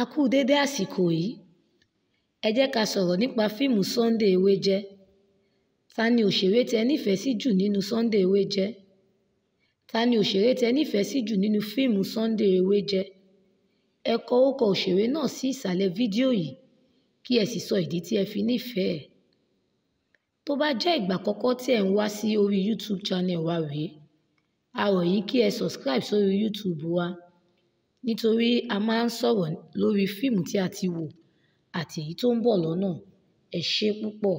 a kú déédé àsìkò yìí ẹ jẹ́ ká sọ̀rọ̀ nípa fíìmù Sunday Ewéjẹ ta ni òṣèré tẹ nífẹ̀ẹ́ sí jù nínú Sunday Ewéjẹ ta ni òṣèré tẹ nífẹ̀ẹ́ sí jù nínú fíìmù Sunday Ewéjẹ ẹ kọ orúkọ òṣèré náà sí ìsàlẹ̀ fídíò yìí kí ẹ sì sọ ìdí tí ẹ fi nífẹ̀ẹ́ ẹ̀ tó bá jẹ́ ìgbà àkọ́kọ́ tí ẹ̀ ń wá sí orí YouTube channel wa rèé a rọ̀ yín kí ẹ subscribe sórí YouTube wa nítorí a máa ń sọ̀rọ̀ lórí fíìmù tí a ti wò àti èyí tó ń bọ̀ lọ́nà. Ẹ ṣé púpọ̀.